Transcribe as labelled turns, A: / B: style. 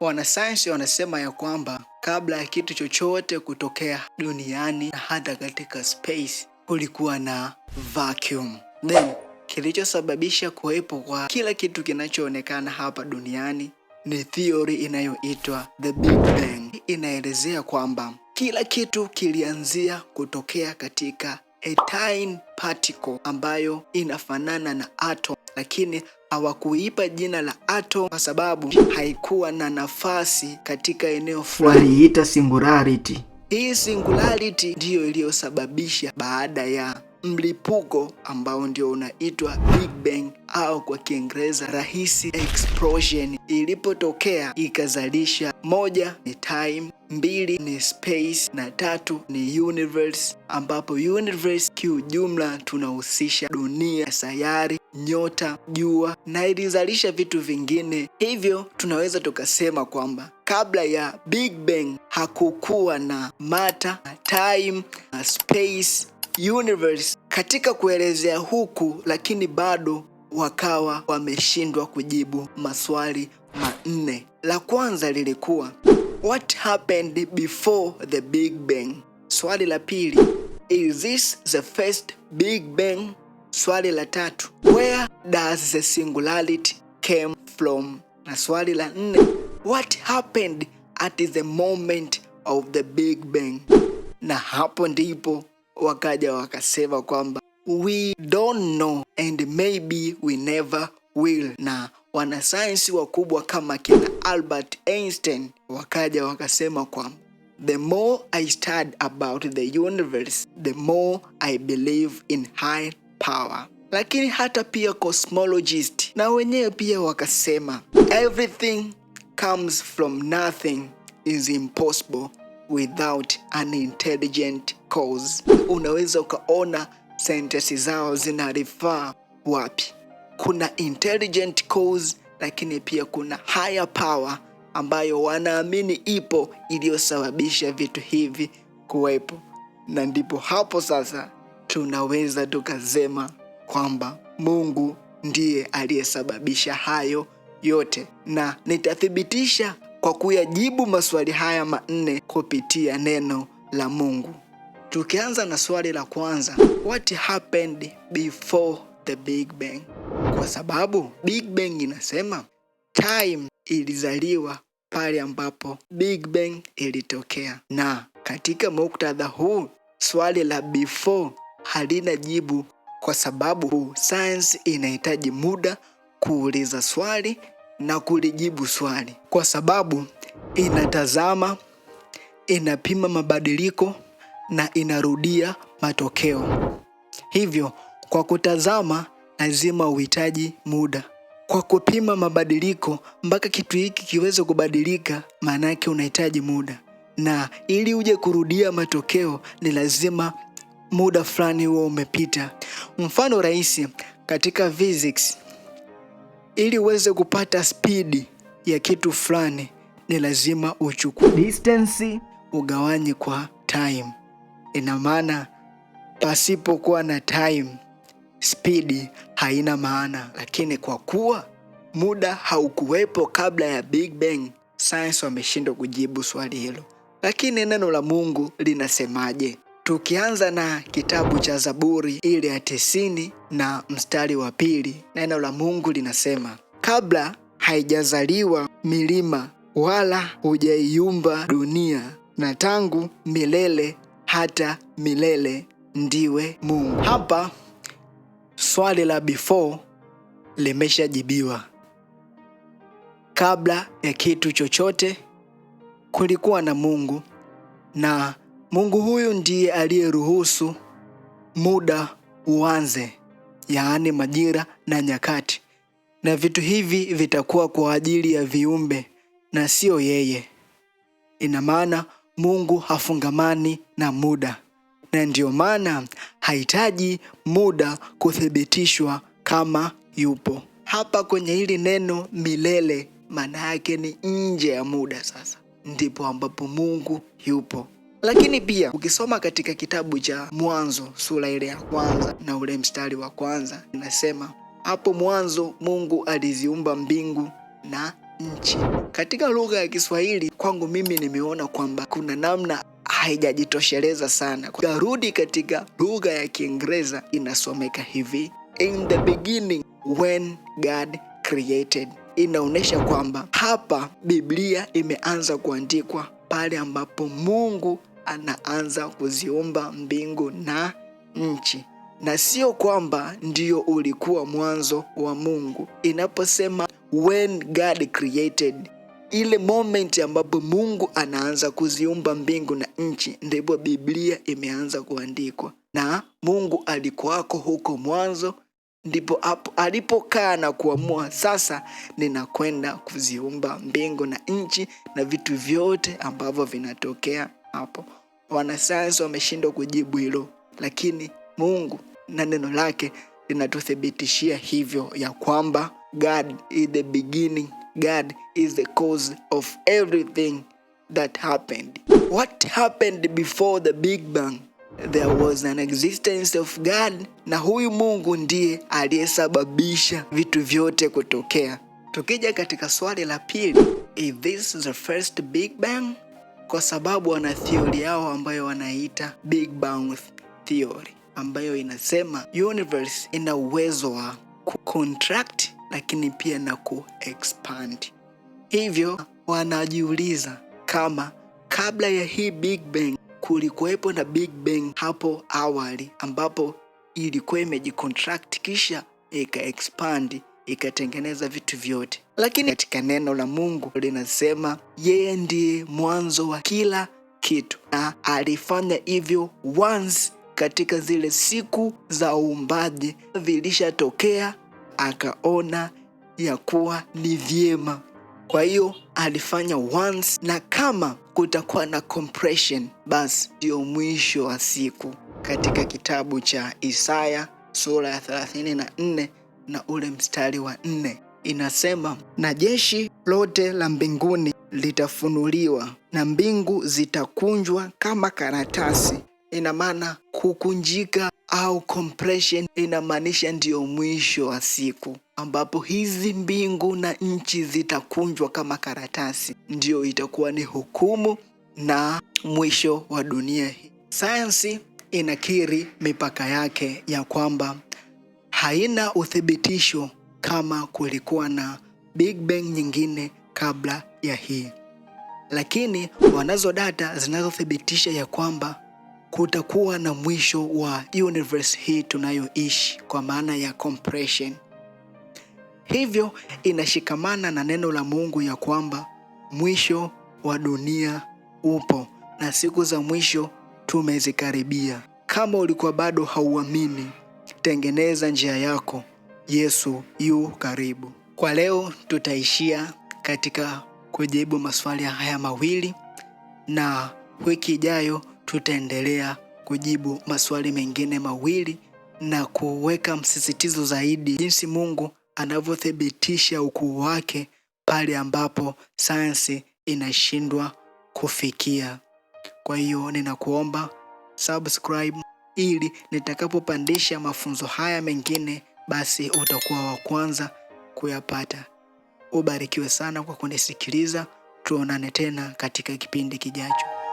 A: Wanasayansi wanasema ya kwamba kabla ya kitu chochote kutokea duniani na hata katika space kulikuwa na vacuum. Then kilichosababisha kuwepo kwa kila kitu kinachoonekana hapa duniani ni theory inayoitwa the Big Bang. Inaelezea kwamba kila kitu kilianzia kutokea katika a tiny particle ambayo inafanana na atom lakini hawakuipa jina la atom kwa sababu haikuwa na nafasi katika eneo fulani. Waliita singularity. Hii singularity ndiyo iliyosababisha baada ya mlipuko ambao ndio unaitwa Big Bang au kwa Kiingereza rahisi explosion ilipotokea ikazalisha, moja ni time, mbili ni space na tatu ni universe, ambapo universe kiujumla tunahusisha dunia, sayari, nyota, jua na ilizalisha vitu vingine. Hivyo tunaweza tukasema kwamba kabla ya Big Bang hakukuwa na matter, time na space universe katika kuelezea huku, lakini bado wakawa wameshindwa kujibu maswali manne. La kwanza lilikuwa what happened before the Big Bang? Swali la pili, is this the first Big Bang? Swali la tatu, where does the singularity came from? Na swali la nne, what happened at the moment of the Big Bang? Na hapo ndipo wakaja wakasema kwamba we don't know and maybe we never will, na wanasayansi wakubwa kama kina Albert Einstein wakaja wakasema kwamba the more I stud about the universe the more I believe in high power. Lakini hata pia cosmologist na wenyewe pia wakasema everything comes from nothing is impossible without an intelligent cause. Unaweza ukaona sentensi zao zina refer wapi. Kuna intelligent cause, lakini pia kuna higher power ambayo wanaamini ipo iliyosababisha vitu hivi kuwepo, na ndipo hapo sasa tunaweza tukasema kwamba Mungu ndiye aliyesababisha hayo yote, na nitathibitisha kwa kuyajibu maswali haya manne kupitia neno la Mungu. Tukianza na swali la kwanza, what happened before the Big Bang? Kwa sababu Big Bang inasema time ilizaliwa pale ambapo Big Bang ilitokea, na katika muktadha huu swali la before halina jibu, kwa sababu science inahitaji muda kuuliza swali na kulijibu swali, kwa sababu inatazama, inapima mabadiliko na inarudia matokeo. Hivyo, kwa kutazama lazima uhitaji muda. Kwa kupima mabadiliko mpaka kitu hiki kiweze kubadilika, maana yake unahitaji muda, na ili uje kurudia matokeo ni lazima muda fulani huo umepita. Mfano rahisi katika physics, ili uweze kupata spidi ya kitu fulani ni lazima uchukue distance ugawanye kwa time. Ina maana pasipokuwa na time, speed haina maana, lakini kwa kuwa muda haukuwepo kabla ya Big Bang, science wameshindwa kujibu swali hilo. Lakini neno la Mungu linasemaje? Tukianza na kitabu cha Zaburi ile ya tisini na mstari wa pili, neno la Mungu linasema kabla haijazaliwa milima wala hujaiumba dunia na tangu milele hata milele ndiwe Mungu. Hapa swali la before limeshajibiwa. Kabla ya kitu chochote kulikuwa na Mungu, na Mungu huyu ndiye aliyeruhusu muda uanze, yaani majira na nyakati, na vitu hivi vitakuwa kwa ajili ya viumbe na siyo yeye. Ina maana Mungu hafungamani na muda, na ndiyo maana hahitaji muda kuthibitishwa kama yupo. Hapa kwenye hili neno milele, maana yake ni nje ya muda. Sasa ndipo ambapo Mungu yupo. Lakini pia ukisoma katika kitabu cha Mwanzo sura ile ya kwanza na ule mstari wa kwanza, inasema hapo mwanzo Mungu aliziumba mbingu na nchi. Katika lugha ya Kiswahili kwangu mimi nimeona kwamba kuna namna haijajitosheleza sana. Karudi katika lugha ya Kiingereza inasomeka hivi, in the beginning when God created. Inaonyesha kwamba hapa Biblia imeanza kuandikwa pale ambapo Mungu anaanza kuziumba mbingu na nchi, na sio kwamba ndiyo ulikuwa mwanzo wa Mungu. Inaposema when God created ile moment ambapo Mungu anaanza kuziumba mbingu na nchi, ndipo Biblia imeanza kuandikwa, na Mungu alikuwako huko mwanzo, ndipo alipokaa na kuamua sasa, ninakwenda kuziumba mbingu na nchi na vitu vyote ambavyo vinatokea hapo. Wanasayansi wameshindwa kujibu hilo, lakini Mungu na neno lake linatuthibitishia hivyo ya kwamba God is the beginning, God is the cause of everything that happened. What happened before the Big Bang? There was an existence of God na huyu Mungu ndiye aliyesababisha vitu vyote kutokea. Tukija katika swali la pili, is this the first Big Bang? Kwa sababu wana theory yao ambayo wanaita Big Bang theory ambayo inasema universe ina uwezo wa kucontract lakini pia na kuexpand. Hivyo wanajiuliza kama kabla ya hii Big Bang kulikuwepo na Big Bang hapo awali, ambapo ilikuwa imejicontract kisha ikaexpand ikatengeneza vitu vyote. Lakini katika neno la Mungu linasema yeye ndiye mwanzo wa kila kitu, na alifanya hivyo once katika zile siku za uumbaji vilishatokea akaona ya kuwa ni vyema. Kwa hiyo alifanya once, na kama kutakuwa na compression, basi ndio mwisho wa siku. Katika kitabu cha Isaya sura ya 34 na ule mstari wa nne inasema, na jeshi lote la mbinguni litafunuliwa na mbingu zitakunjwa kama karatasi. Ina maana kukunjika au compression inamaanisha ndiyo mwisho wa siku ambapo hizi mbingu na nchi zitakunjwa kama karatasi, ndio itakuwa ni hukumu na mwisho wa dunia hii. Sayansi inakiri mipaka yake ya kwamba haina uthibitisho kama kulikuwa na Big Bang nyingine kabla ya hii, lakini wanazo data zinazothibitisha ya kwamba kutakuwa na mwisho wa universe hii tunayoishi kwa maana ya compression. Hivyo inashikamana na neno la Mungu ya kwamba mwisho wa dunia upo na siku za mwisho tumezikaribia. Kama ulikuwa bado hauamini, tengeneza njia yako, Yesu yu karibu. Kwa leo tutaishia katika kujibu maswali haya mawili na wiki ijayo tutaendelea kujibu maswali mengine mawili na kuweka msisitizo zaidi jinsi Mungu anavyothibitisha ukuu wake pale ambapo sayansi inashindwa kufikia. Kwa hiyo ninakuomba subscribe ili nitakapopandisha mafunzo haya mengine basi utakuwa wa kwanza kuyapata. Ubarikiwe sana kwa kunisikiliza. Tuonane tena katika kipindi kijacho.